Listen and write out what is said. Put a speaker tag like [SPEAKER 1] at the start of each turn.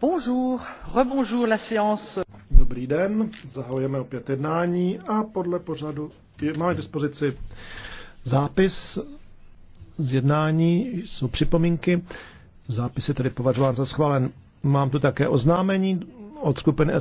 [SPEAKER 1] Bonjour, rebonjour la séance. Dobrý den, zahajujeme opět jednání a podle pořadu je, máme k dispozici
[SPEAKER 2] zápis z jednání, jsou připomínky. Zápis je tedy považován za schválen. Mám tu také oznámení od skupiny